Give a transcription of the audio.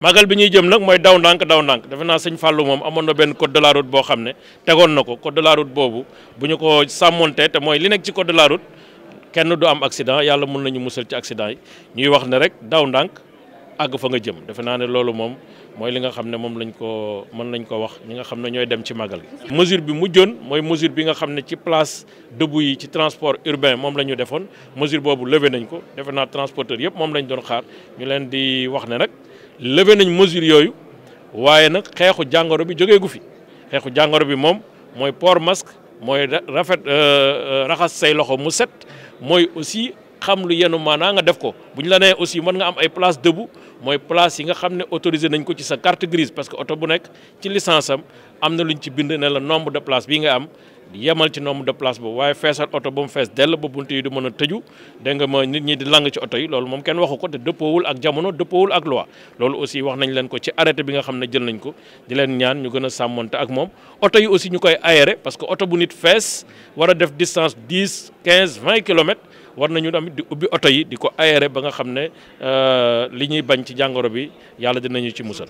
magal bi ñuy jëm nag mooy daw ndànk daw ndànk defe naa sëñ Fallou moom amoon na benn code de la route boo xam ne tegoon na ko code de la route boobu bu ñu ko sàmmoonte te mooy li nekk ci code de kenn du am accident yàlla mun nañu musal ci accident yi ñuy wax ne rek daw ndànk àgg fa nga jëm defe naa ne loolu moom mooy li nga xam ne moom lañ ko mën lañ ko wax ñi nga xam ne ñooy dem ci magal gi. mesure bi jën mooy mesure bi nga xam ne ci place debout yi ci transport urbain moom la ñu defoon mesure boobu levé nañ ko defe naa yëpp moom lañ doon xaar ñu leen di wax ne nag. levé nañ mesure yooyu waaye nag xeexu jàngoro bi jógee gu fi xeexu jàngoro bi moom mooy port masque mooy rafet euh, euh, raxas say loxo mu set mooy aussi xam lu yenu maanaa nga def ko bu ñu la nee aussi mën nga am ay place debout mooy place yi nga xam ne autorisé nañ ko ci sa carte grise parce que oto bu nekk ci licence am am na luñ ci bind ne la nombre de place bii nga am yemal ci nombre de place boobu waaye feesal oto ba mu fees dell ba bunt yi du mën a tëju dégg nga ma nit ñi di lang ci oto yi loolu moom kenn waxu ko te dëppoowul ak jamono dëppoowul ak loi loolu aussi wax nañ leen ko ci arrêté bi nga xam ne jël nañ ko di leen ñaan ñu gën a sàmmonte ak moom oto yi aussi ñu koy aéré parce que oto bu nit fees war a def distance 10 15 20 kilomètres war nañu tamit di ubbi oto yi di ko aéré ba nga xam ne euh, li ñuy bañ ci jàngoro bi yàlla dinañu ci musal